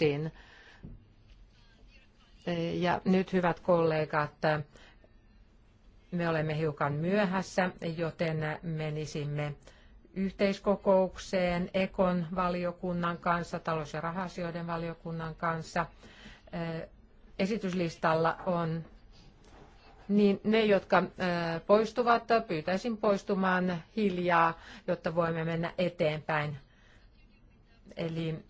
Ruotsiin. Ja nyt hyvät kollegat, me olemme hiukan myöhässä, joten menisimme yhteiskokoukseen Ekon valiokunnan kanssa, talous- ja rahasioiden valiokunnan kanssa. Esityslistalla on niin ne, jotka poistuvat, pyytäisin poistumaan hiljaa, jotta voimme mennä eteenpäin. Eli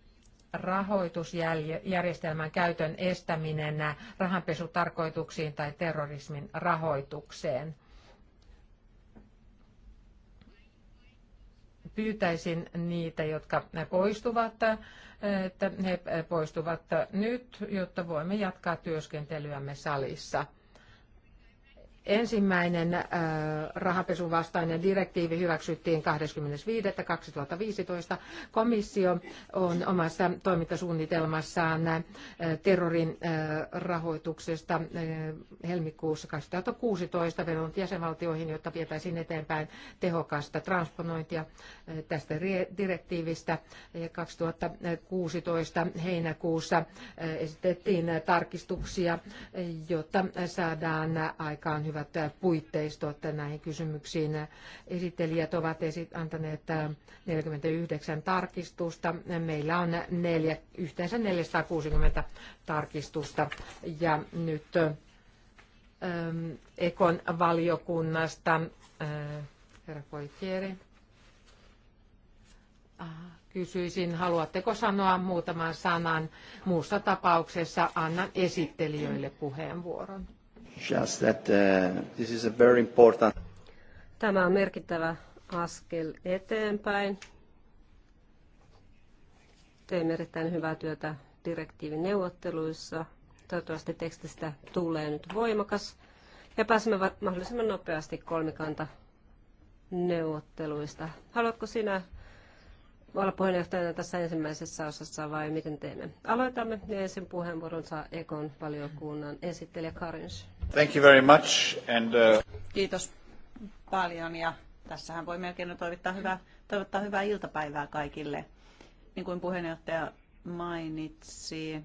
rahoitusjärjestelmän käytön estäminen rahanpesutarkoituksiin tai terrorismin rahoitukseen. Pyytäisin niitä, jotka poistuvat, että he poistuvat nyt, jotta voimme jatkaa työskentelyämme salissa. Ensimmäinen äh, rahapesun vastainen direktiivi hyväksyttiin 25.2015. Komissio on omassa toimintasuunnitelmassaan äh, terrorin äh, rahoituksesta helmikuussa 2016 vedonnut jäsenvaltioihin, jotta vietäisiin eteenpäin tehokasta transponointia tästä direktiivistä. 2016 heinäkuussa esitettiin tarkistuksia, jotta saadaan aikaan hyvät äh, puitteistot näihin kysymyksiin. Esittelijät ovat esit- antaneet 49 äh, tarkistusta. Meillä on neljä, yhteensä 460 tarkistusta ja nyt ähm, Ekon valiokunnasta äh, herra Poikieri. Ah, kysyisin, haluatteko sanoa muutaman sanan? Muussa tapauksessa annan esittelijöille puheenvuoron just that uh, this is a very important... Tämä on merkittävä askel eteenpäin. Teimme erittäin hyvää työtä direktiivin neuvotteluissa. Toivottavasti tekstistä tulee nyt voimakas ja pääsemme mahdollisimman nopeasti kolmikanta neuvotteluista. Haluatko sinä olla puheenjohtajana tässä ensimmäisessä osassa vai miten teemme? Aloitamme ja ensin puheenvuoron saa Ekon valiokunnan esittelijä Karins. Thank you very much and, uh... Kiitos paljon ja tässähän voi melkein toivottaa hyvää, toivottaa hyvää iltapäivää kaikille. Niin kuin puheenjohtaja mainitsi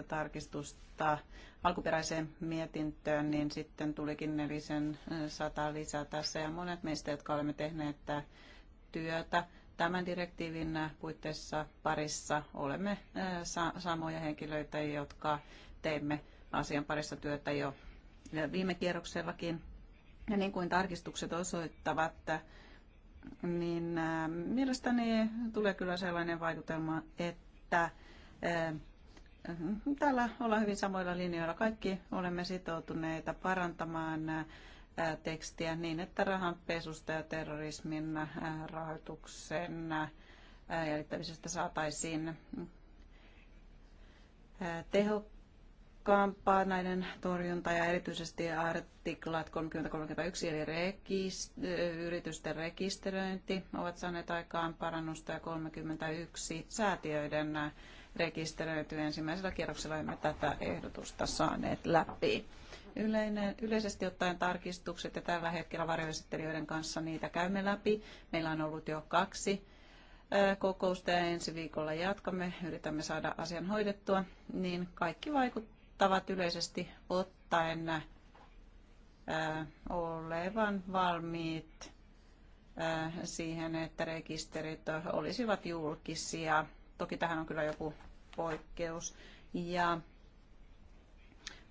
49-50 tarkistusta alkuperäiseen mietintöön, niin sitten tulikin nelisen äh, sata lisää tässä. Ja monet meistä, jotka olemme tehneet työtä tämän direktiivin puitteissa parissa, olemme äh, samoja henkilöitä, jotka teimme asian parissa työtä jo viime kierroksellakin. Ja niin kuin tarkistukset osoittavat, niin mielestäni tulee kyllä sellainen vaikutelma, että täällä ollaan hyvin samoilla linjoilla. Kaikki olemme sitoutuneita parantamaan tekstiä niin, että rahanpesusta ja terrorismin rahoituksen jäljittämisestä saataisiin tehokkaasti tehokkaampaa näiden torjunta ja erityisesti artiklat 3031 eli rekist- yritysten rekisteröinti ovat saaneet aikaan parannusta ja 31 säätiöiden rekisteröity ensimmäisellä kierroksella emme tätä ehdotusta saaneet läpi. Yleinen, yleisesti ottaen tarkistukset ja tällä hetkellä varjoesittelijöiden kanssa niitä käymme läpi. Meillä on ollut jo kaksi kokousta ja ensi viikolla jatkamme, yritämme saada asian hoidettua, niin kaikki vaikuttaa tavat yleisesti ottaen äh, olevan valmiit äh, siihen, että rekisterit olisivat julkisia. Toki tähän on kyllä joku poikkeus. Ja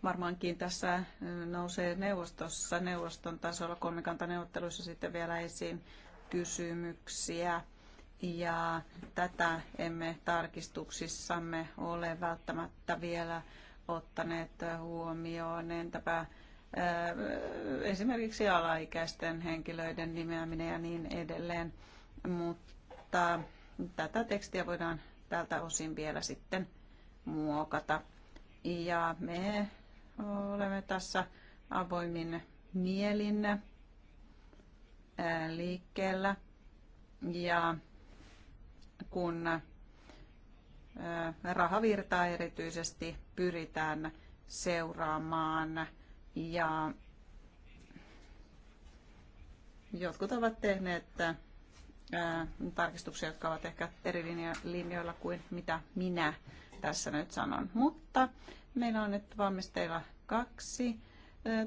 varmaankin tässä nousee neuvostossa, neuvoston tasolla kolmikantaneuvotteluissa sitten vielä esiin kysymyksiä. Ja tätä emme tarkistuksissamme ole välttämättä vielä ottaneet huomioon? Entäpä äh, esimerkiksi alaikäisten henkilöiden nimeäminen ja niin edelleen. Mutta tätä tekstiä voidaan tältä osin vielä sitten muokata. Ja me olemme tässä avoimin mielin äh, liikkeellä. Ja kun rahavirtaa erityisesti pyritään seuraamaan ja jotkut ovat tehneet tarkistuksia, jotka ovat ehkä eri linjoilla kuin mitä minä tässä nyt sanon. Mutta meillä on nyt valmisteilla kaksi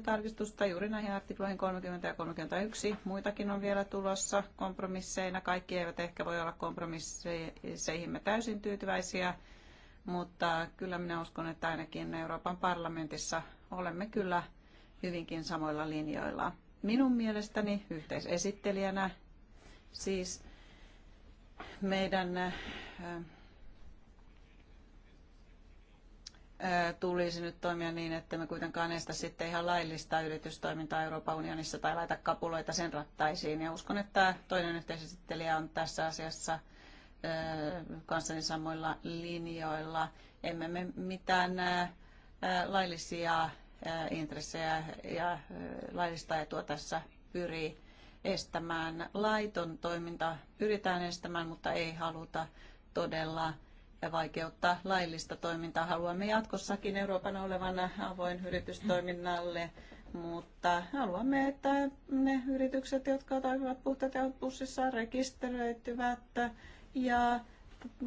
tarkistusta juuri näihin artikloihin 30 ja 31. Muitakin on vielä tulossa kompromisseina. Kaikki eivät ehkä voi olla kompromisseihimme täysin tyytyväisiä, mutta kyllä minä uskon, että ainakin Euroopan parlamentissa olemme kyllä hyvinkin samoilla linjoilla. Minun mielestäni yhteisesittelijänä siis meidän tulisi nyt toimia niin, että me kuitenkaan estä sitten ihan laillista yritystoimintaa Euroopan unionissa tai laita kapuloita sen rattaisiin. Ja uskon, että toinen yhteisesittelijä on tässä asiassa kanssani samoilla linjoilla. Emme me mitään laillisia intressejä ja laillista etua tässä pyri estämään. Laiton toiminta pyritään estämään, mutta ei haluta todella vaikeuttaa laillista toimintaa. Haluamme jatkossakin Euroopan olevan avoin yritystoiminnalle, mutta haluamme, että ne yritykset, jotka toimivat puhtaat pussissa, rekisteröityvät ja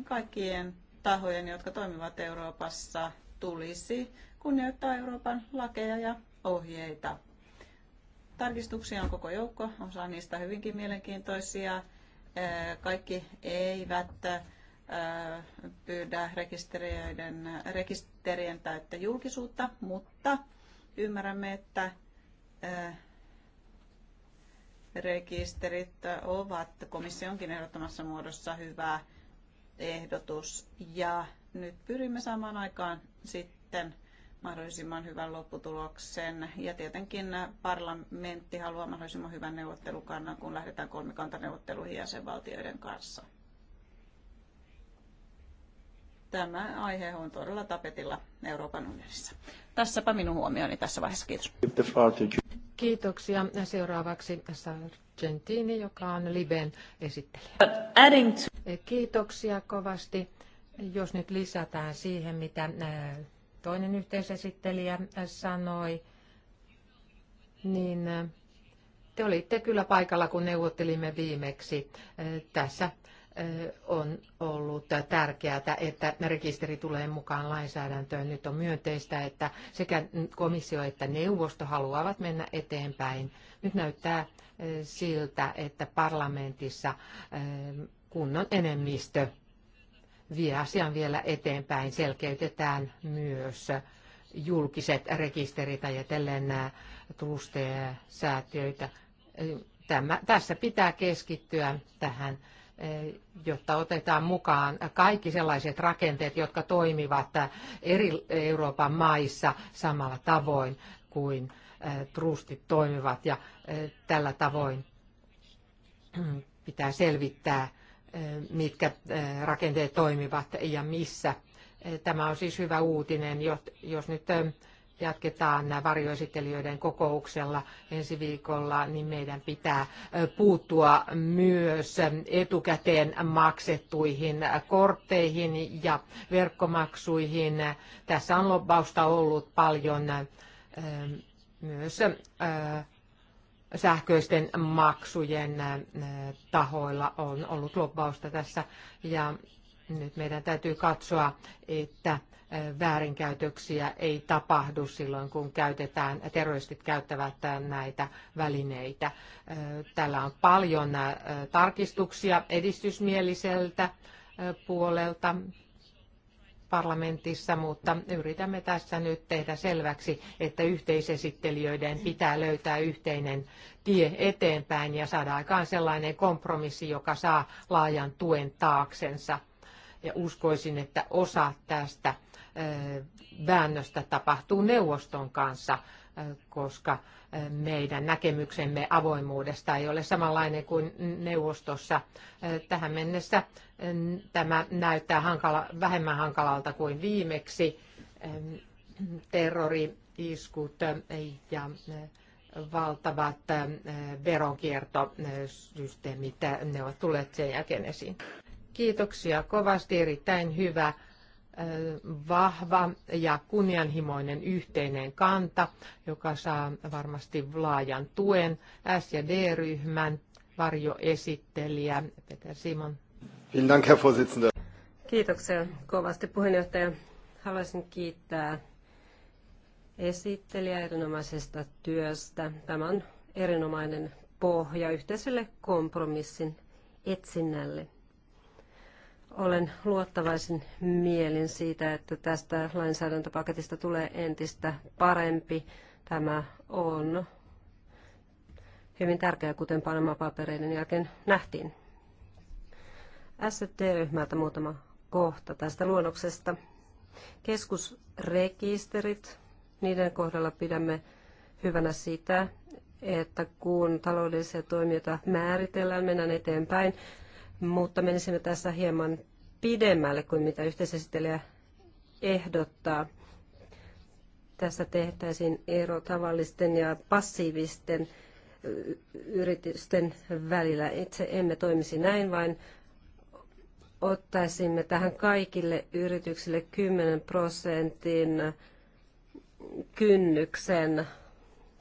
kaikkien tahojen, jotka toimivat Euroopassa, tulisi kunnioittaa Euroopan lakeja ja ohjeita. Tarkistuksia on koko joukko, osa niistä hyvinkin mielenkiintoisia. Kaikki eivät pyydä rekisterien, rekisterien täyttä julkisuutta, mutta ymmärrämme, että rekisterit ovat komissionkin ehdottomassa muodossa hyvä ehdotus ja nyt pyrimme samaan aikaan sitten mahdollisimman hyvän lopputuloksen. Ja tietenkin parlamentti haluaa mahdollisimman hyvän neuvottelukannan, kun lähdetään kolmikantaneuvotteluihin jäsenvaltioiden kanssa tämä aihe on todella tapetilla Euroopan unionissa. Tässäpä minun huomioni tässä vaiheessa. Kiitos. Kiitoksia. Seuraavaksi Sargentini, joka on Liben esittelijä. Kiitoksia kovasti. Jos nyt lisätään siihen, mitä äh, toinen yhteisesittelijä äh, sanoi, niin äh, te olitte kyllä paikalla, kun neuvottelimme viimeksi. Tässä on ollut tärkeää, että rekisteri tulee mukaan lainsäädäntöön. Nyt on myönteistä, että sekä komissio että neuvosto haluavat mennä eteenpäin. Nyt näyttää siltä, että parlamentissa kunnon enemmistö vie asian vielä eteenpäin. Selkeytetään myös julkiset rekisterit ajatellen trusteja ja säätiöitä. Tämä, tässä pitää keskittyä tähän Eh, jotta otetaan mukaan kaikki sellaiset rakenteet, jotka toimivat eri Euroopan maissa samalla tavoin kuin eh, trustit toimivat ja eh, tällä tavoin pitää selvittää, mitkä rakenteet toimivat ja missä. Tämä on siis hyvä uutinen, jos nyt jatketaan varjoesittelijöiden kokouksella ensi viikolla, niin meidän pitää puuttua myös etukäteen maksettuihin kortteihin ja verkkomaksuihin. Tässä on lobbausta ollut paljon myös sähköisten maksujen tahoilla on ollut lobbausta tässä ja nyt meidän täytyy katsoa, että väärinkäytöksiä ei tapahdu silloin, kun käytetään, terroristit käyttävät näitä välineitä. Täällä on paljon tarkistuksia edistysmieliseltä puolelta parlamentissa, mutta yritämme tässä nyt tehdä selväksi, että yhteisesittelijöiden pitää löytää yhteinen tie eteenpäin ja saada aikaan sellainen kompromissi, joka saa laajan tuen taaksensa ja uskoisin, että osa tästä väännöstä tapahtuu neuvoston kanssa, koska meidän näkemyksemme avoimuudesta ei ole samanlainen kuin neuvostossa. Tähän mennessä tämä näyttää hankala, vähemmän hankalalta kuin viimeksi. Terrori-iskut ja valtavat veronkiertosysteemit, ne ovat tulleet sen jälkeen esiin. Kiitoksia kovasti, erittäin hyvä, vahva ja kunnianhimoinen yhteinen kanta, joka saa varmasti laajan tuen S- ja D-ryhmän varjoesittelijä Peter Simon. Kiitoksia kovasti puheenjohtaja. Haluaisin kiittää esittelijä erinomaisesta työstä. Tämä on erinomainen pohja yhteiselle kompromissin etsinnälle. Olen luottavaisin mielin siitä, että tästä lainsäädäntöpaketista tulee entistä parempi. Tämä on hyvin tärkeä, kuten Panama-papereiden jälkeen nähtiin. ST-ryhmältä muutama kohta tästä luonnoksesta. Keskusrekisterit, niiden kohdalla pidämme hyvänä sitä, että kun taloudellisia toimijoita määritellään, mennään eteenpäin mutta menisimme tässä hieman pidemmälle kuin mitä yhteisesittelijä ehdottaa. Tässä tehtäisiin ero tavallisten ja passiivisten yritysten välillä. Itse emme toimisi näin, vaan ottaisimme tähän kaikille yrityksille 10 prosentin kynnyksen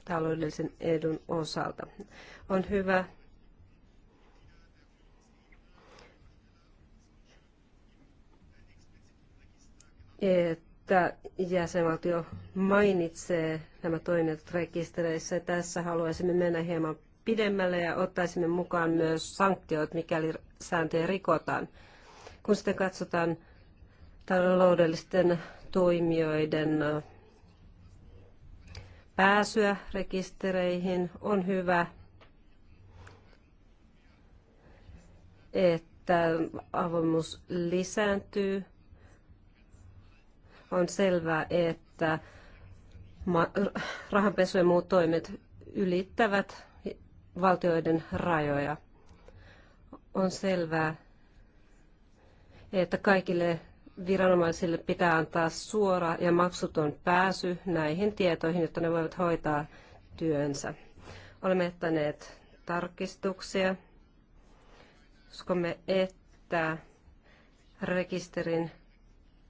taloudellisen edun osalta. On hyvä että jäsenvaltio mainitsee nämä toimijat rekistereissä. Tässä haluaisimme mennä hieman pidemmälle ja ottaisimme mukaan myös sanktiot, mikäli sääntöjä rikotaan. Kun sitten katsotaan taloudellisten toimijoiden pääsyä rekistereihin, on hyvä, että avoimuus lisääntyy on selvää, että rahanpesu ja muut toimet ylittävät valtioiden rajoja. On selvää, että kaikille viranomaisille pitää antaa suora ja maksuton pääsy näihin tietoihin, jotta ne voivat hoitaa työnsä. Olemme jättäneet tarkistuksia. Uskomme, että rekisterin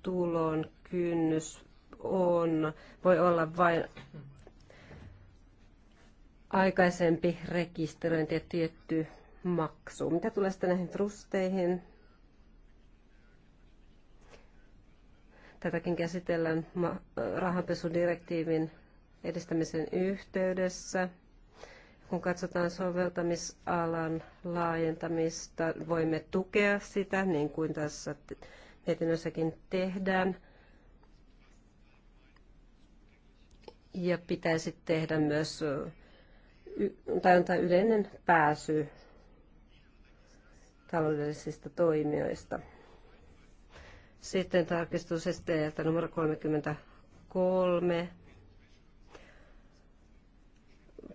tulon kynnys on, voi olla vain aikaisempi rekisteröinti ja tietty maksu. Mitä tulee sitten näihin trusteihin? Tätäkin käsitellään rahanpesudirektiivin edistämisen yhteydessä. Kun katsotaan soveltamisalan laajentamista, voimme tukea sitä, niin kuin tässä mietinnössäkin tehdään. Ja pitäisi tehdä myös tai antaa yleinen pääsy taloudellisista toimijoista. Sitten tarkistus STLtä numero 33.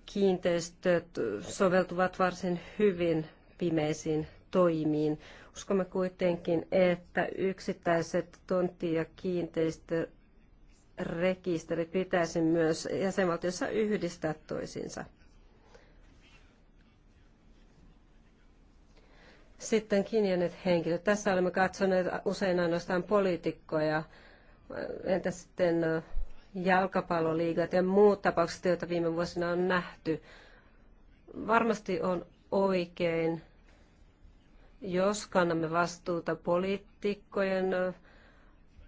Kiinteistöt soveltuvat varsin hyvin pimeisiin toimiin. Uskomme kuitenkin, että yksittäiset tontti- ja kiinteistörekisterit pitäisi myös jäsenvaltiossa yhdistää toisiinsa. Sitten kiinniänet henkilöt. Tässä olemme katsoneet usein ainoastaan poliitikkoja. Entä sitten jalkapalloliigat ja muut tapaukset, joita viime vuosina on nähty? Varmasti on oikein jos kannamme vastuuta poliitikkojen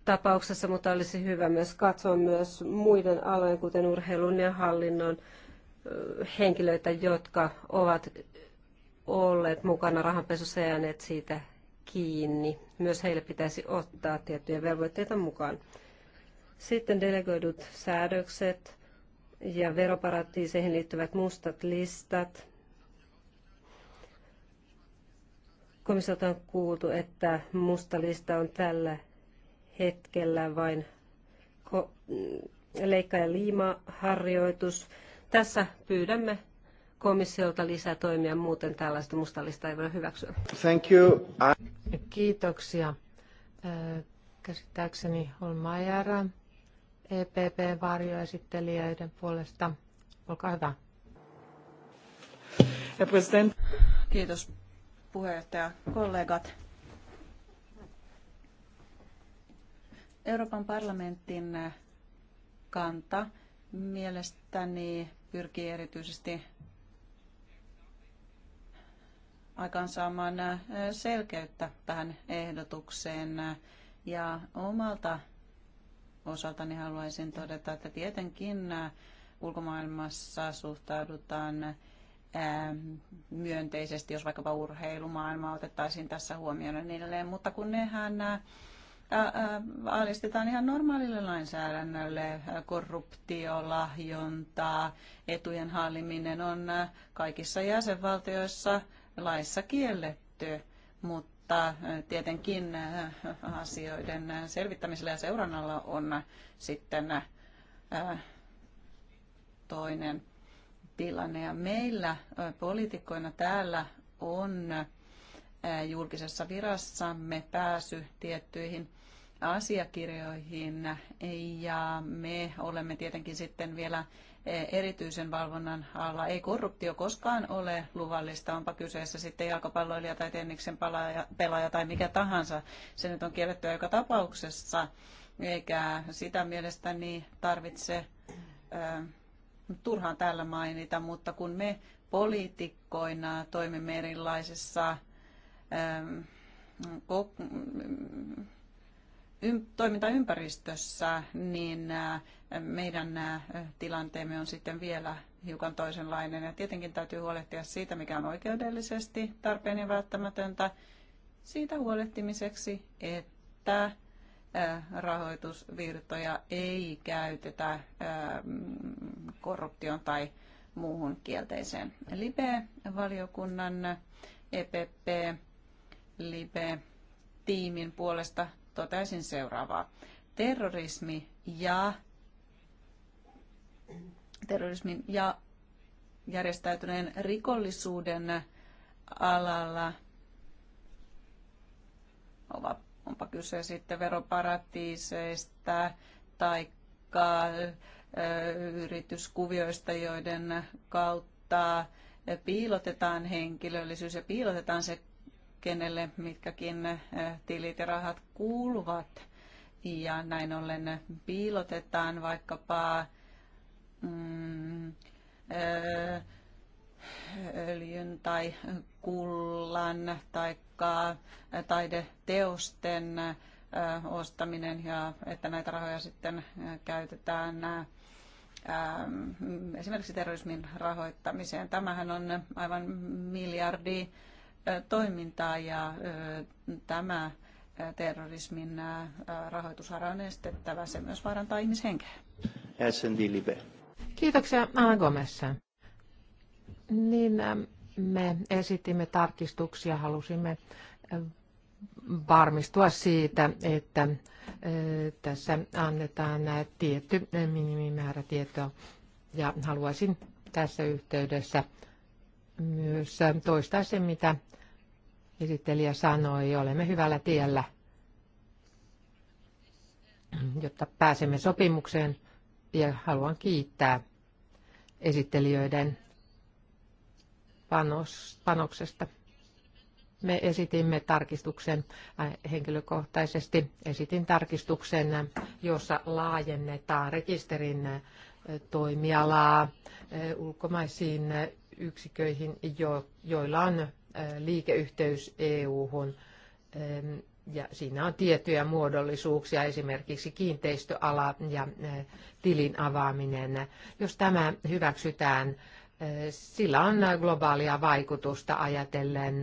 tapauksessa, mutta olisi hyvä myös katsoa myös muiden alojen, kuten urheilun ja hallinnon henkilöitä, jotka ovat olleet mukana rahanpesussa ja jääneet siitä kiinni. Myös heille pitäisi ottaa tiettyjä velvoitteita mukaan. Sitten delegoidut säädökset ja veroparatiiseihin liittyvät mustat listat. Komissiota on kuultu, että musta lista on tällä hetkellä vain leikka- ja liimaharjoitus. Tässä pyydämme komissiolta lisätoimia, muuten tällaista mustalista ei voi hyväksyä. Thank you. I... Kiitoksia. Käsittääkseni Holmajer, EPP-varjoesittelijöiden puolesta. Olkaa hyvä. Kiitos puheenjohtaja, kollegat. Euroopan parlamentin kanta mielestäni pyrkii erityisesti aikaansaamaan selkeyttä tähän ehdotukseen. Ja omalta osaltani haluaisin todeta, että tietenkin ulkomaailmassa suhtaudutaan Ähm, myönteisesti, jos vaikkapa urheilumaailma otettaisiin tässä huomioon ja niin edelleen, mutta kun nehän nämä äh, äh, alistetaan ihan normaalille lainsäädännölle, äh, korruptio, lahjonta, etujen halliminen on kaikissa jäsenvaltioissa laissa kielletty, mutta tietenkin asioiden selvittämisellä ja seurannalla on sitten toinen tilanne. Ja meillä poliitikkoina täällä on julkisessa virassamme pääsy tiettyihin asiakirjoihin ja me olemme tietenkin sitten vielä erityisen valvonnan alla. Ei korruptio koskaan ole luvallista, onpa kyseessä sitten jalkapalloilija tai tenniksen pelaaja tai mikä tahansa. Se nyt on kiellettyä joka tapauksessa, eikä sitä mielestäni tarvitse turhaan täällä mainita, mutta kun me poliitikkoina toimimme erilaisissa ähm, mm, toimintaympäristössä, niin äh, meidän äh, tilanteemme on sitten vielä hiukan toisenlainen. Ja tietenkin täytyy huolehtia siitä, mikä on oikeudellisesti tarpeen ja välttämätöntä, siitä huolehtimiseksi, että rahoitusvirtoja ei käytetä korruption tai muuhun kielteiseen. Libe-valiokunnan EPP Libe-tiimin puolesta totesin seuraavaa. Terrorismi ja terrorismin ja järjestäytyneen rikollisuuden alalla ovat onpa kyse sitten veroparatiiseista tai yrityskuvioista, joiden kautta piilotetaan henkilöllisyys ja piilotetaan se, kenelle mitkäkin tilit ja rahat kuuluvat. Ja näin ollen piilotetaan vaikkapa mm, ö, öljyn tai kullan tai taideteosten ostaminen ja että näitä rahoja sitten käytetään esimerkiksi terrorismin rahoittamiseen. Tämähän on aivan miljardi toimintaa ja tämä terrorismin rahoitushara on estettävä. Se myös vaarantaa ihmishenkeä. Kiitoksia, Anna Gomes. Niin ähm, me esitimme tarkistuksia, halusimme äh, varmistua siitä, että äh, tässä annetaan tietty äh, minimimäärä tietoa. Ja haluaisin tässä yhteydessä myös toistaa sen, mitä esittelijä sanoi. Olemme hyvällä tiellä, jotta pääsemme sopimukseen. Ja haluan kiittää esittelijöiden panoksesta. Me esitimme tarkistuksen äh, henkilökohtaisesti. Esitin tarkistuksen, äh, jossa laajennetaan rekisterin äh, toimialaa ulkomaisiin yksiköihin, joilla on liikeyhteys EU-hun. Ähm, ja siinä on tiettyjä muodollisuuksia, esimerkiksi kiinteistöala ja tilin avaaminen. Jos tämä hyväksytään, sillä on globaalia vaikutusta ajatellen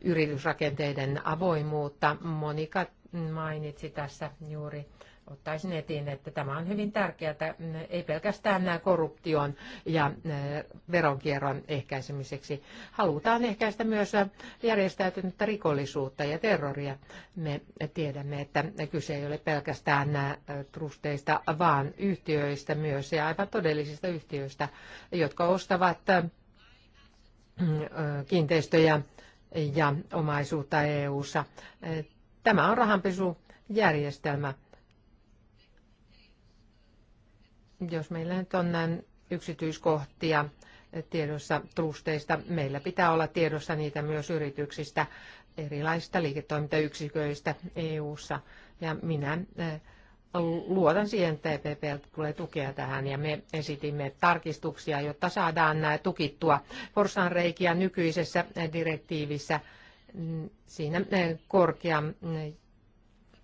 yritysrakenteiden avoimuutta. Monika mainitsi tässä juuri ottaisin etiin, että tämä on hyvin tärkeää, mm, ei pelkästään nämä korruption ja mm, veronkierron ehkäisemiseksi. Halutaan ehkäistä myös äh, järjestäytynyttä rikollisuutta ja terroria. Me tiedämme, että kyse ei ole pelkästään nämä äh, trusteista, vaan yhtiöistä myös ja aivan todellisista yhtiöistä, jotka ostavat äh, kiinteistöjä ja omaisuutta EU-ssa. Tämä on rahanpesujärjestelmä. järjestelmä Jos meillä nyt on näin yksityiskohtia tiedossa trusteista, meillä pitää olla tiedossa niitä myös yrityksistä, erilaisista liiketoimintayksiköistä EU-ssa. Ja minä eh, luotan siihen, että EPP tulee tukea tähän ja me esitimme tarkistuksia, jotta saadaan tukittua reikiä nykyisessä eh, direktiivissä mm, siinä eh, korkean mm,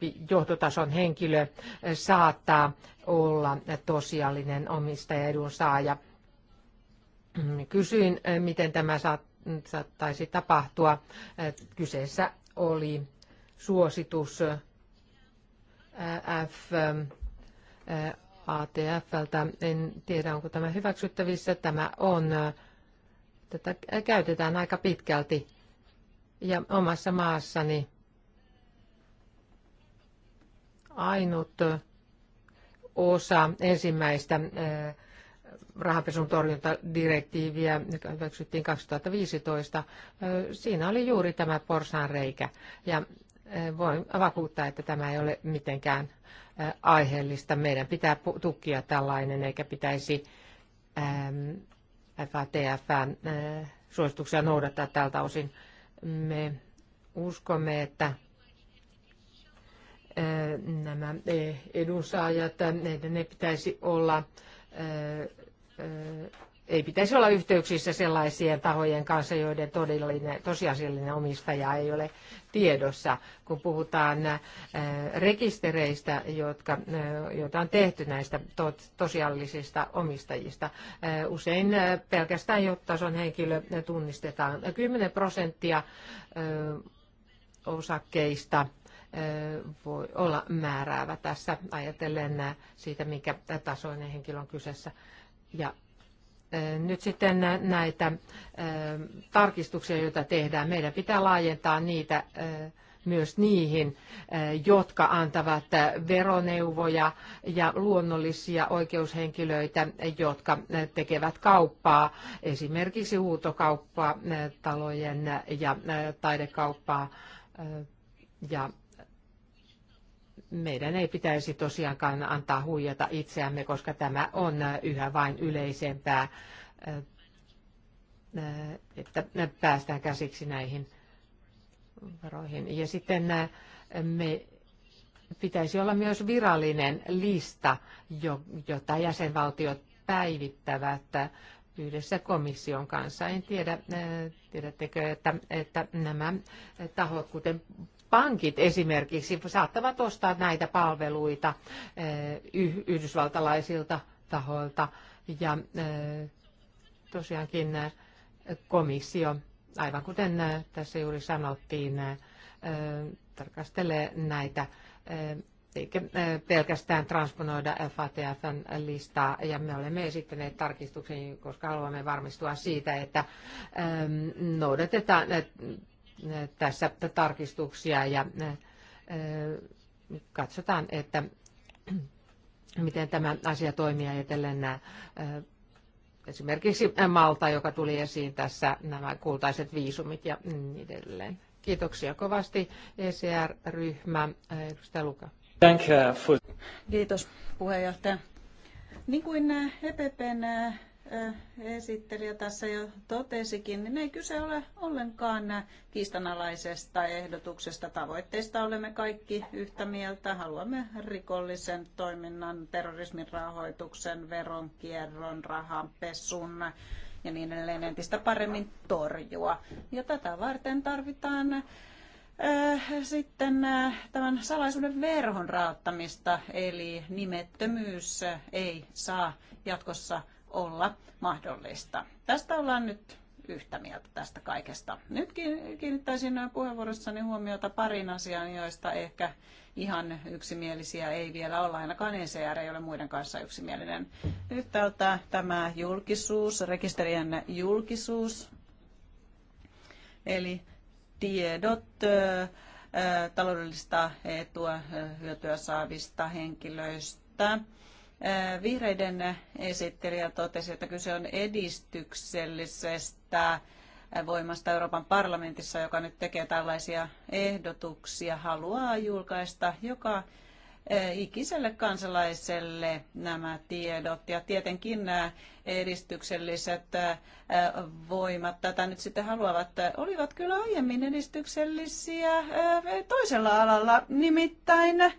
alempi johtotason henkilö eh, saattaa olla tosiallinen omistaja edunsaaja. Mm, kysyin, eh, miten tämä saattaisi tapahtua. Eh, kyseessä oli suositus F, ATFltä. En tiedä, onko tämä hyväksyttävissä. Tämä on, tätä käytetään aika pitkälti. Ja omassa maassani ainut osa ensimmäistä rahanpesun torjuntadirektiiviä, joka hyväksyttiin 2015. Siinä oli juuri tämä porsan reikä. Ja voin vakuuttaa, että tämä ei ole mitenkään aiheellista. Meidän pitää tukkia tällainen, eikä pitäisi FATFn suosituksia noudattaa tältä osin. Me uskomme, että nämä e, edunsaajat, ne pitäisi olla, ei pitäisi olla yhteyksissä sellaisien tahojen kanssa, joiden todellinen, tosiasiallinen omistaja ei ole tiedossa, kun puhutaan rekistereistä, jotka, joita on tehty näistä tosiallisista omistajista. Usein pelkästään on henkilö tunnistetaan. 10 prosenttia osakkeista – voi olla määräävä tässä ajatellen siitä, minkä tasoinen henkilö on kyseessä. Ja nyt sitten näitä tarkistuksia, joita tehdään, meidän pitää laajentaa niitä myös niihin, jotka antavat veroneuvoja ja luonnollisia oikeushenkilöitä, jotka tekevät kauppaa, esimerkiksi huutokauppaa, talojen ja taidekauppaa ja meidän ei pitäisi tosiaankaan antaa huijata itseämme, koska tämä on yhä vain yleisempää, että päästään käsiksi näihin varoihin. Ja sitten me pitäisi olla myös virallinen lista, jota jäsenvaltiot päivittävät yhdessä komission kanssa. En tiedä, tiedättekö, että, että nämä tahot, kuten pankit esimerkiksi saattavat ostaa näitä palveluita eh, yhdysvaltalaisilta tahoilta. Ja eh, tosiaankin eh, komissio, aivan kuten tässä juuri sanottiin, tarkastelee näitä eikä pelkästään transponoida FATFn listaa. Ja me olemme esittäneet tarkistuksen, koska haluamme varmistua siitä, että noudatetaan tässä tarkistuksia ja katsotaan, että miten tämä asia toimii ajatellen nämä esimerkiksi Malta, joka tuli esiin tässä, nämä kultaiset viisumit ja niin edelleen. Kiitoksia kovasti ECR-ryhmä. Edustaja Luka. Uh, Kiitos puheenjohtaja. Niin kuin EPPn Äh, esittelijä tässä jo totesikin, niin ei kyse ole ollenkaan kiistanalaisesta ehdotuksesta. Tavoitteista olemme kaikki yhtä mieltä. Haluamme rikollisen toiminnan, terrorismin rahoituksen, veronkierron, rahanpesun ja niin edelleen entistä paremmin torjua. Ja tätä varten tarvitaan äh, sitten äh, tämän salaisuuden verhon raottamista, eli nimettömyys ei saa jatkossa olla mahdollista. Tästä ollaan nyt yhtä mieltä tästä kaikesta. Nyt kiinnittäisin puheenvuorossani huomiota parin asiaan, joista ehkä ihan yksimielisiä ei vielä olla. Ainakaan ECR ei ole muiden kanssa yksimielinen. Yhtäältä tämä julkisuus, rekisterien julkisuus, eli tiedot taloudellista etua hyötyä saavista henkilöistä Äh, vihreiden esittelijä totesi, että kyse on edistyksellisestä äh, voimasta Euroopan parlamentissa, joka nyt tekee tällaisia ehdotuksia, haluaa julkaista joka äh, ikiselle kansalaiselle nämä tiedot. Ja tietenkin nämä edistykselliset voimat tätä nyt sitten haluavat, olivat kyllä aiemmin edistyksellisiä toisella alalla, nimittäin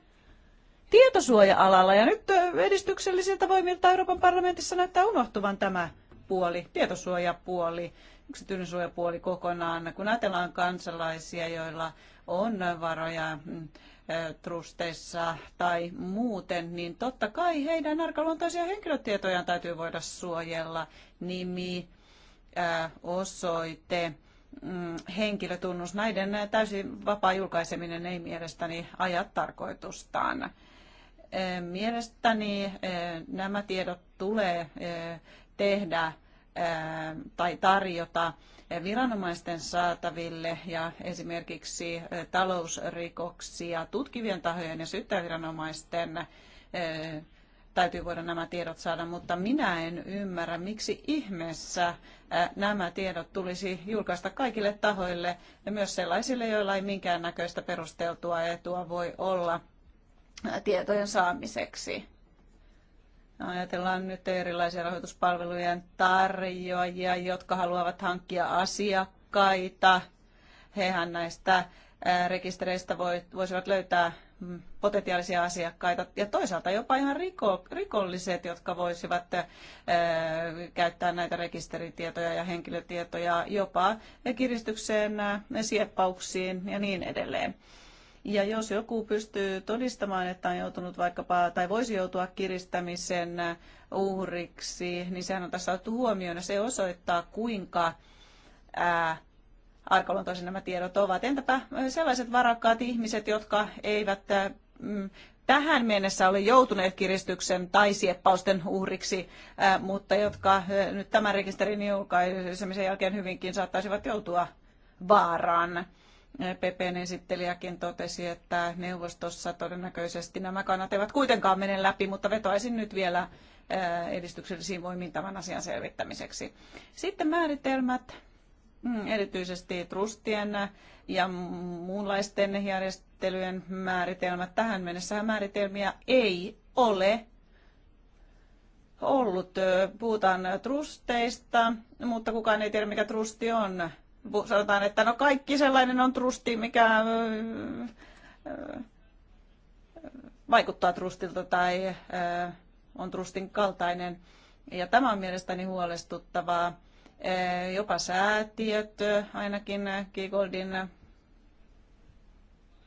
tietosuoja-alalla. Ja nyt edistyksellisiltä voimilta Euroopan parlamentissa näyttää unohtuvan tämä puoli, tietosuojapuoli, yksityinen suojapuoli kokonaan. Kun ajatellaan kansalaisia, joilla on varoja mm, trusteissa tai muuten, niin totta kai heidän arkaluontoisia henkilötietojaan täytyy voida suojella. Nimi, osoite, mm, henkilötunnus. Näiden täysin vapaa julkaiseminen ei mielestäni aja tarkoitustaan. Eh, mielestäni eh, nämä tiedot tulee eh, tehdä tai tarjota viranomaisten saataville ja esimerkiksi talousrikoksia tutkivien tahojen ja syyttäjäviranomaisten täytyy voida nämä tiedot saada, mutta minä en ymmärrä, miksi ihmeessä nämä tiedot tulisi julkaista kaikille tahoille ja myös sellaisille, joilla ei minkäännäköistä perusteltua etua voi olla tietojen saamiseksi. Ajatellaan nyt erilaisia rahoituspalvelujen tarjoajia, jotka haluavat hankkia asiakkaita. Hehän näistä rekistereistä voisivat löytää mm, potentiaalisia asiakkaita ja toisaalta jopa ihan riko, rikolliset, jotka voisivat ää, käyttää näitä rekisteritietoja ja henkilötietoja jopa kiristykseen, sieppauksiin ja niin edelleen. Ja jos joku pystyy todistamaan, että on joutunut vaikkapa tai voisi joutua kiristämisen uhriksi, niin sehän on tässä otettu huomioon ja se osoittaa, kuinka ää, arkaluontoisia nämä tiedot ovat. Entäpä sellaiset varakkaat ihmiset, jotka eivät mm, tähän mennessä ole joutuneet kiristyksen tai sieppausten uhriksi, ää, mutta jotka ää, nyt tämän rekisterin julkaisemisen jälkeen hyvinkin saattaisivat joutua vaaraan. PPn esittelijäkin totesi, että neuvostossa todennäköisesti nämä kannat eivät kuitenkaan mene läpi, mutta vetoaisin nyt vielä eh, edistyksellisiin voimiin tämän asian selvittämiseksi. Sitten määritelmät, mm, erityisesti trustien ja muunlaisten järjestelyjen määritelmät. Tähän mennessä määritelmiä ei ole ollut. Puhutaan trusteista, mutta kukaan ei tiedä, mikä trusti on sanotaan, että no kaikki sellainen on trusti, mikä vaikuttaa trustilta tai on trustin kaltainen. Ja tämä on mielestäni huolestuttavaa. Jopa säätiöt, ainakin Kigoldin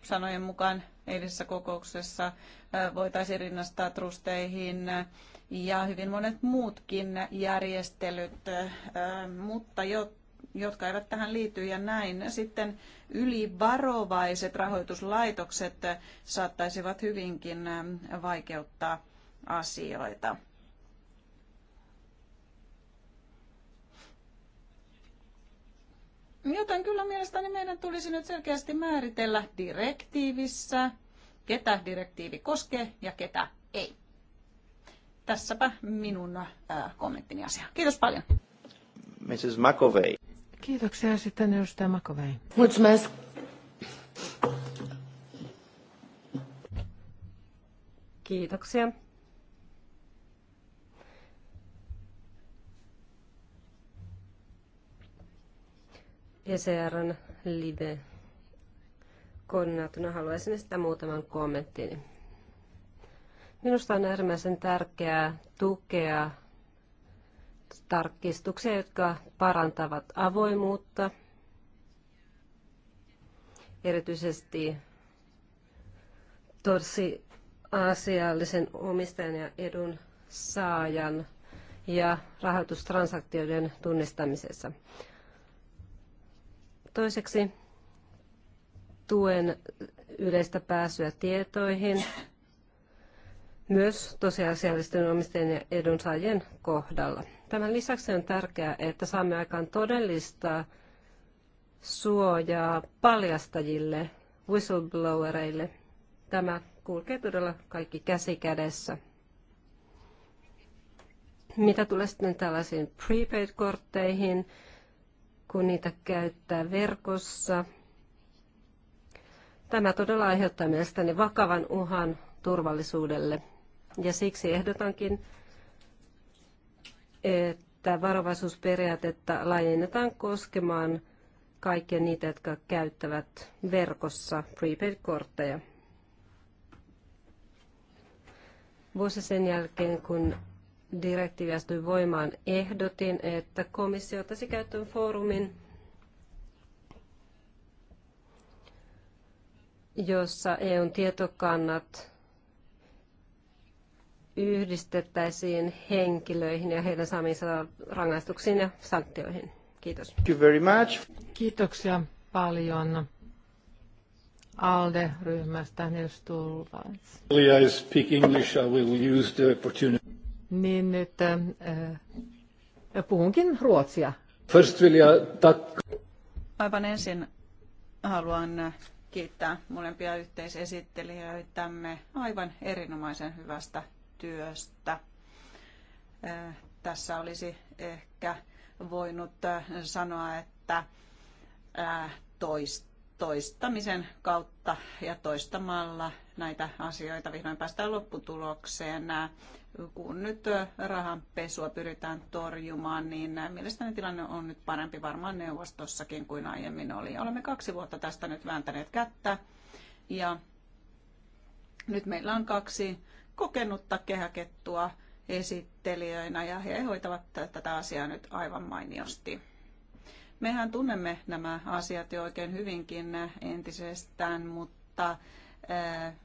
sanojen mukaan eilisessä kokouksessa, voitaisiin rinnastaa trusteihin ja hyvin monet muutkin järjestelyt. Mutta jotta jotka eivät tähän liity ja näin sitten ylivarovaiset rahoituslaitokset saattaisivat hyvinkin ähm, vaikeuttaa asioita. Joten kyllä mielestäni meidän tulisi nyt selkeästi määritellä direktiivissä, ketä direktiivi koskee ja ketä ei. Tässäpä minun äh, kommenttini asia. Kiitos paljon. Mrs. McAvey. Kiitoksia sitten edustaja Makovei. Mulțumesc. Kiitoksia. ECRn live koordinaatuna haluaisin esittää muutaman kommentin. Minusta on äärimmäisen tärkeää tukea tarkistuksia, jotka parantavat avoimuutta, erityisesti tosi asiallisen omistajan ja edun saajan ja rahoitustransaktioiden tunnistamisessa. Toiseksi tuen yleistä pääsyä tietoihin myös tosiasiallisten omistajien ja edunsaajien kohdalla. Tämän lisäksi on tärkeää, että saamme aikaan todellista suojaa paljastajille, whistleblowereille. Tämä kulkee todella kaikki käsi kädessä. Mitä tulee sitten tällaisiin prepaid-kortteihin, kun niitä käyttää verkossa, tämä todella aiheuttaa mielestäni vakavan uhan turvallisuudelle – ja siksi ehdotankin, että varovaisuusperiaatetta laajennetaan koskemaan kaikkia niitä, jotka käyttävät verkossa prepaid-kortteja. Vuosi sen jälkeen, kun direktiivi astui voimaan, ehdotin, että komissio ottaisi käyttöön foorumin, jossa EUn tietokannat yhdistettäisiin henkilöihin ja heidän saamiinsa rangaistuksiin ja sanktioihin. Kiitos. Thank you very much. Kiitoksia paljon. ALDE-ryhmästä Nils Tulvais. I speak English, I will use the opportunity. Niin nyt äh, äh puhunkin ruotsia. First will I tak- Aivan ensin haluan kiittää molempia yhteisesittelijöitämme aivan erinomaisen hyvästä työstä. Äh, tässä olisi ehkä voinut äh, sanoa, että äh, toistamisen kautta ja toistamalla näitä asioita vihdoin päästään lopputulokseen. Kun nyt rahanpesua pyritään torjumaan, niin mielestäni tilanne on nyt parempi varmaan neuvostossakin kuin aiemmin oli. Olemme kaksi vuotta tästä nyt vääntäneet kättä ja nyt meillä on kaksi kokenutta kehäkettua esittelijöinä ja he hoitavat tätä asiaa nyt aivan mainiosti. Mehän tunnemme nämä asiat jo oikein hyvinkin entisestään, mutta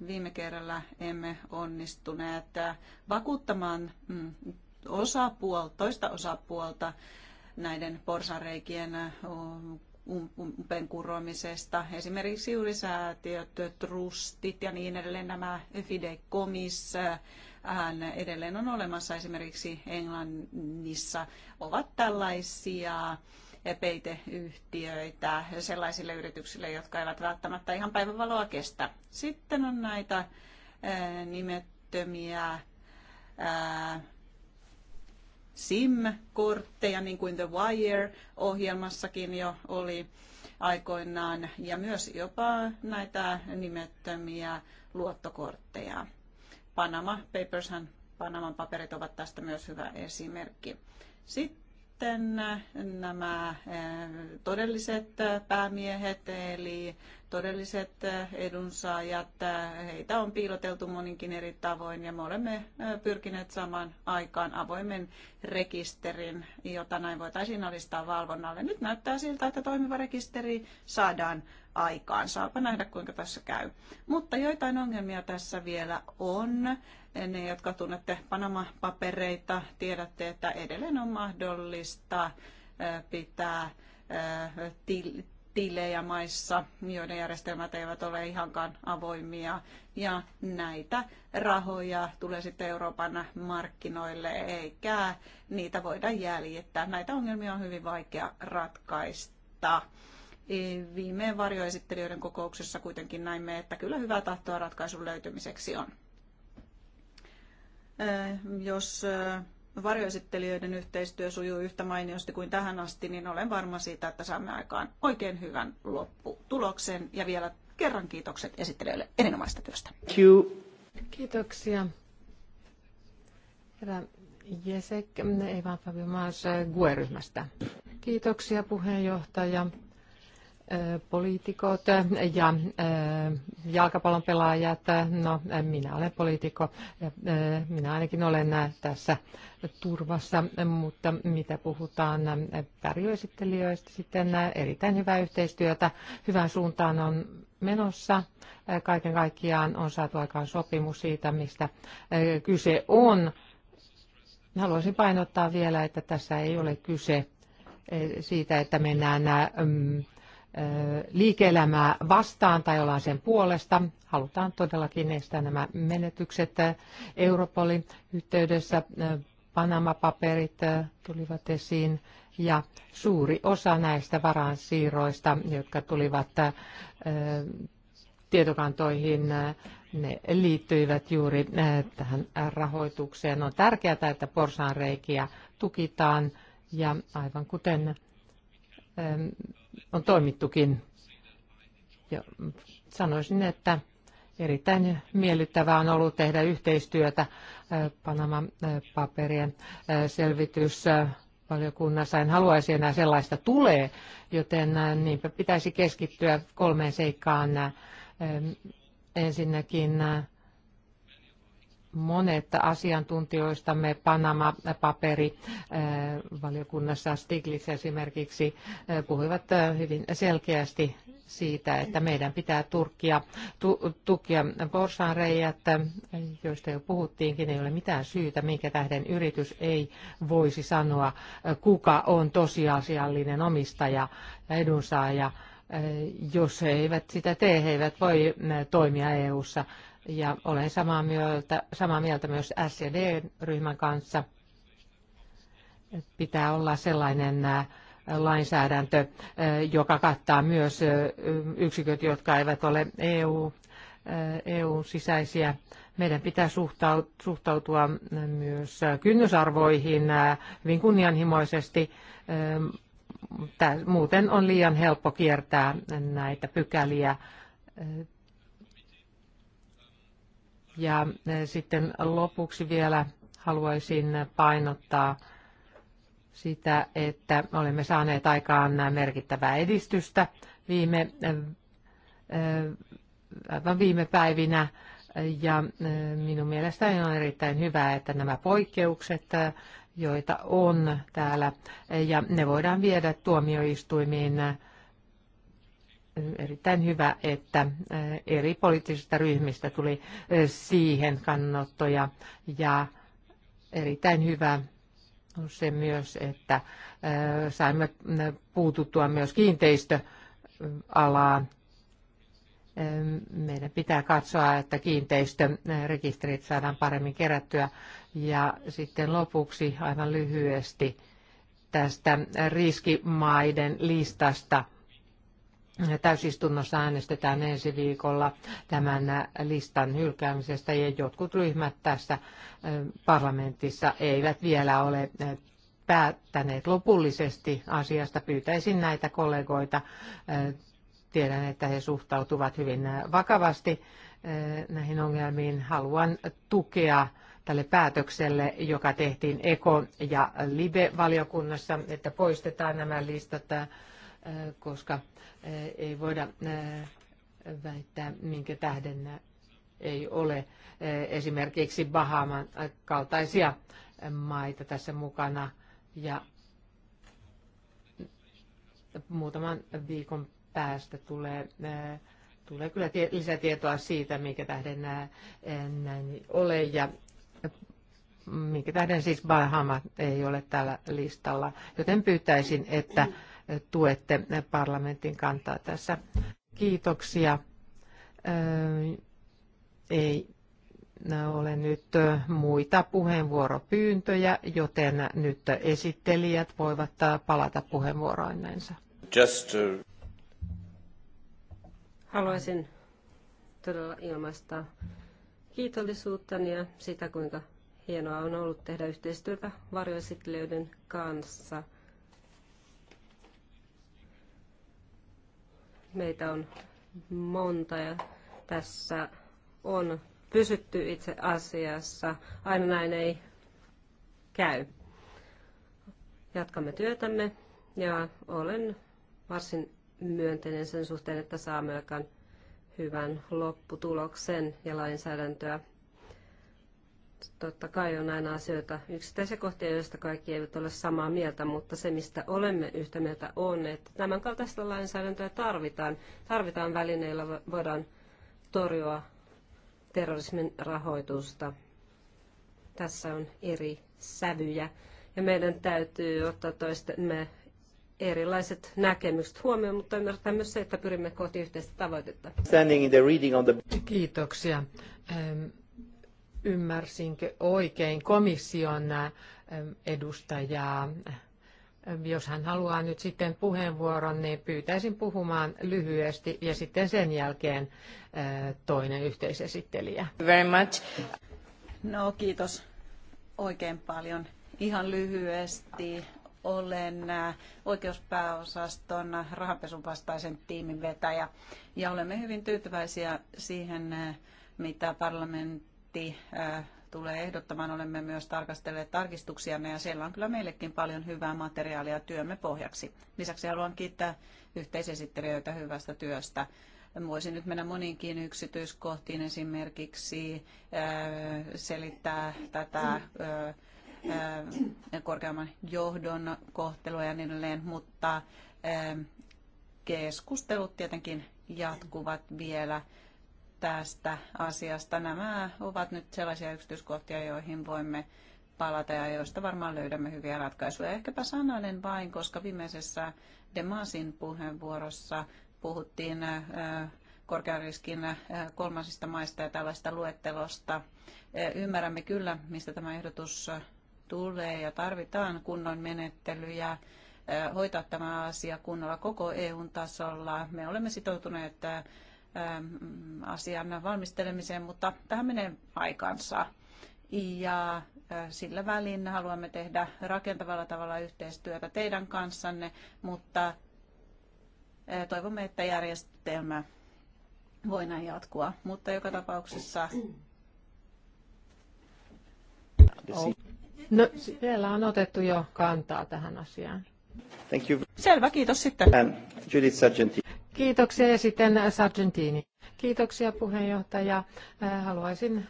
viime kerralla emme onnistuneet vakuuttamaan mm, osapuol, toista osapuolta näiden porsareikien Um, um, umpeen kuromisesta. Esimerkiksi juuri säätiöt, trustit ja niin edelleen nämä fideikommis edelleen on olemassa esimerkiksi Englannissa, ovat tällaisia peiteyhtiöitä sellaisille yrityksille, jotka eivät välttämättä ihan päivänvaloa kestä. Sitten on näitä nimettömiä SIM-kortteja, niin kuin The Wire-ohjelmassakin jo oli aikoinaan, ja myös jopa näitä nimettömiä luottokortteja. Panama Papershan, Panaman paperit ovat tästä myös hyvä esimerkki. Sitten sitten nämä eh, todelliset eh, päämiehet, eli todelliset eh, edunsaajat, heitä on piiloteltu moninkin eri tavoin ja me olemme pyrkineet saman aikaan avoimen rekisterin, jota näin voitaisiin alistaa valvonnalle. Nyt näyttää siltä, että toimiva rekisteri saadaan aikaan. Saapa nähdä, kuinka tässä käy. Mutta joitain ongelmia tässä vielä on. Ne, jotka tunnette Panama-papereita, tiedätte, että edelleen on mahdollista pitää tilejä maissa, joiden järjestelmät eivät ole ihankaan avoimia. Ja näitä rahoja tulee sitten Euroopan markkinoille, eikä niitä voida jäljittää. Näitä ongelmia on hyvin vaikea ratkaista. Viime varjoesittelijöiden kokouksessa kuitenkin näimme, että kyllä hyvää tahtoa ratkaisun löytymiseksi on. Jos varjoesittelijöiden yhteistyö sujuu yhtä mainiosti kuin tähän asti, niin olen varma siitä, että saamme aikaan oikein hyvän lopputuloksen. Ja vielä kerran kiitokset esittelijöille erinomaista työstä. Kiitoksia. Herra Jesek, Evan Fabio Maas, GUE-ryhmästä. Kiitoksia puheenjohtaja poliitikot ja eh, jalkapallon pelaajat. No, minä olen poliitikko eh, minä ainakin olen tässä turvassa, mutta mitä puhutaan värioesittelijöistä sitten erittäin hyvää yhteistyötä. Hyvään suuntaan on menossa. Kaiken kaikkiaan on saatu aikaan sopimus siitä, mistä eh, kyse on. Haluaisin painottaa vielä, että tässä ei ole kyse siitä, että mennään mm, liike-elämää vastaan tai ollaan sen puolesta. Halutaan todellakin estää nämä menetykset. Europolin yhteydessä Panama-paperit tulivat esiin ja suuri osa näistä varansiirroista, jotka tulivat tietokantoihin, ne liittyivät juuri tähän rahoitukseen. On tärkeää, että porsaanreikiä tukitaan ja aivan kuten on toimittukin. Ja sanoisin, että erittäin miellyttävää on ollut tehdä yhteistyötä Panama-paperien selvitys valiokunnassa. En haluaisi enää sellaista tulee, joten niinpä pitäisi keskittyä kolmeen seikkaan. Ensinnäkin monet asiantuntijoistamme Panama-paperi eh, valiokunnassa Stiglitz esimerkiksi eh, puhuivat eh, hyvin selkeästi siitä, että meidän pitää turkkia, tu, tukia porsaanreijät, joista jo puhuttiinkin, ei ole mitään syytä, minkä tähden yritys ei voisi sanoa, kuka on tosiasiallinen omistaja ja edunsaaja. Jos he eivät sitä tee, he eivät voi toimia EU-ssa ja olen samaa mieltä, samaa mieltä myös SED-ryhmän kanssa. Pitää olla sellainen äh, lainsäädäntö, äh, joka kattaa myös äh, yksiköt, jotka eivät ole EU, EU sisäisiä. Meidän pitää suhtautua myös kynnysarvoihin hyvin kunnianhimoisesti. Muuten on liian helppo kiertää näitä pykäliä ja eh, sitten lopuksi vielä haluaisin painottaa sitä, että olemme saaneet aikaan merkittävää edistystä viime, eh, eh, aivan viime päivinä. Ja minun mielestäni on erittäin hyvä, että nämä poikkeukset, joita on täällä, ja ne voidaan viedä tuomioistuimiin erittäin hyvä, että eh, eri poliittisista ryhmistä tuli eh, siihen kannattoja ja erittäin hyvä on se myös, että eh, saimme puututtua myös kiinteistöalaan. Meidän pitää katsoa, että kiinteistörekisterit saadaan paremmin kerättyä. Ja sitten lopuksi aivan lyhyesti tästä riskimaiden listasta – Täysistunnossa äänestetään ensi viikolla tämän listan hylkäämisestä ja jotkut ryhmät tässä parlamentissa eivät vielä ole päättäneet lopullisesti asiasta. Pyytäisin näitä kollegoita, tiedän, että he suhtautuvat hyvin vakavasti näihin ongelmiin. Haluan tukea tälle päätökselle, joka tehtiin Eko- ja Libe-valiokunnassa, että poistetaan nämä listat koska ei voida väittää, minkä tähden ei ole esimerkiksi Bahaman kaltaisia maita tässä mukana. Ja muutaman viikon päästä tulee, tulee kyllä lisätietoa siitä, minkä tähden näin ei ole. Ja minkä tähden siis Bahama ei ole tällä listalla. Joten pyytäisin, että tuette parlamentin kantaa tässä. Kiitoksia. Ei ole nyt muita puheenvuoropyyntöjä, joten nyt esittelijät voivat palata puheenvuoroinensa. to... Haluaisin todella ilmaista kiitollisuuttani ja sitä, kuinka hienoa on ollut tehdä yhteistyötä varjoesittelijöiden kanssa – Meitä on monta ja tässä on pysytty itse asiassa. Aina näin ei käy. Jatkamme työtämme ja olen varsin myönteinen sen suhteen, että saamme aikaan hyvän lopputuloksen ja lainsäädäntöä, Totta kai on aina asioita, yksittäisiä kohtia, joista kaikki eivät ole samaa mieltä, mutta se, mistä olemme yhtä mieltä, on, että tämän kaltaista lainsäädäntöä tarvitaan. Tarvitaan välineillä, voidaan torjua terrorismin rahoitusta. Tässä on eri sävyjä ja meidän täytyy ottaa toistemme erilaiset näkemykset huomioon, mutta ymmärtää myös se, että pyrimme kohti yhteistä tavoitetta. Kiitoksia ymmärsinkö oikein komission edustajaa. Jos hän haluaa nyt sitten puheenvuoron, niin pyytäisin puhumaan lyhyesti ja sitten sen jälkeen toinen yhteisesittelijä. Very much. No kiitos oikein paljon. Ihan lyhyesti olen oikeuspääosaston rahanpesun vastaisen tiimin vetäjä ja olemme hyvin tyytyväisiä siihen, mitä parlament parlamentti tulee ehdottamaan. Olemme myös tarkastelleet tarkistuksiamme ja siellä on kyllä meillekin paljon hyvää materiaalia työmme pohjaksi. Lisäksi haluan kiittää yhteisesittelijöitä hyvästä työstä. Voisin nyt mennä moniinkin yksityiskohtiin esimerkiksi selittää tätä korkeamman johdon kohtelua ja niin edelleen, mutta keskustelut tietenkin jatkuvat vielä tästä asiasta. Nämä ovat nyt sellaisia yksityiskohtia, joihin voimme palata ja joista varmaan löydämme hyviä ratkaisuja. Ehkäpä sananen vain, koska viimeisessä Demasin puheenvuorossa puhuttiin äh, korkean riskin äh, kolmansista maista ja tällaista luettelosta. Äh, ymmärrämme kyllä, mistä tämä ehdotus tulee ja tarvitaan kunnon menettelyjä hoitaa tämä asia kunnolla koko eu tasolla. Me olemme sitoutuneet Ähm, asian valmistelemiseen, mutta tähän menee aikansa. Ja äh, sillä välin haluamme tehdä rakentavalla tavalla yhteistyötä teidän kanssanne, mutta äh, toivomme, että järjestelmä voi näin jatkua. Mutta joka tapauksessa... No, siellä on otettu jo kantaa tähän asiaan. Thank you. Selvä, kiitos sitten. Um, Kiitoksia ja sitten Sargentini. Kiitoksia puheenjohtaja. Äh, haluaisin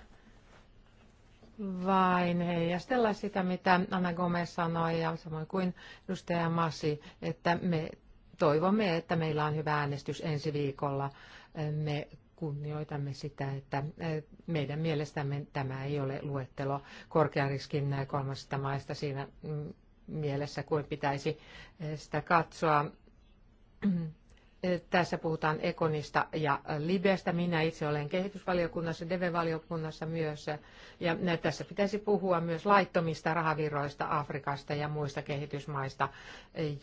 vain heijastella sitä, mitä Anna Gomez sanoi ja samoin kuin edustaja Massi, että me toivomme, että meillä on hyvä äänestys ensi viikolla. Me kunnioitamme sitä, että äh, meidän mielestämme tämä ei ole luettelo korkean riskin kolmasta maista siinä mm, mielessä kuin pitäisi äh, sitä katsoa. Tässä puhutaan Ekonista ja Libestä. Minä itse olen kehitysvaliokunnassa, DEVE-valiokunnassa myös. Ja tässä pitäisi puhua myös laittomista rahavirroista Afrikasta ja muista kehitysmaista,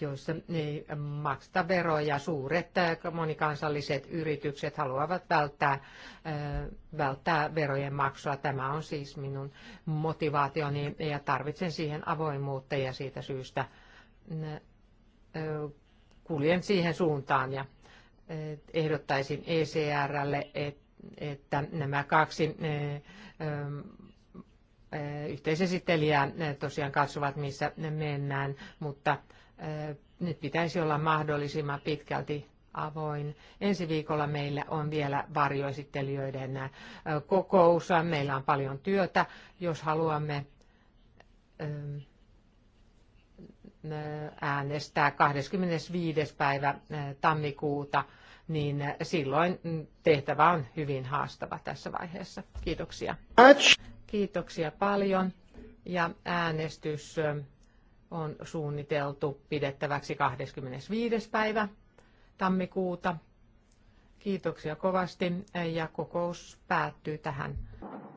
joissa ei makseta veroja. Suuret äh, monikansalliset yritykset haluavat välttää, äh, välttää verojen maksua. Tämä on siis minun motivaationi ja tarvitsen siihen avoimuutta ja siitä syystä äh, kuljen siihen suuntaan ja eh, ehdottaisin ECRlle, että nämä kaksi eh, eh, yhteisesittelijää tosiaan katsovat, missä ne mennään, mutta nyt pitäisi olla mahdollisimman pitkälti avoin. Ensi viikolla meillä on vielä varjoesittelijöiden kokous. Meillä on paljon työtä, jos haluamme äänestää 25. päivä tammikuuta, niin silloin tehtävä on hyvin haastava tässä vaiheessa. Kiitoksia. Kiitoksia paljon. Ja äänestys on suunniteltu pidettäväksi 25. päivä tammikuuta. Kiitoksia kovasti ja kokous päättyy tähän.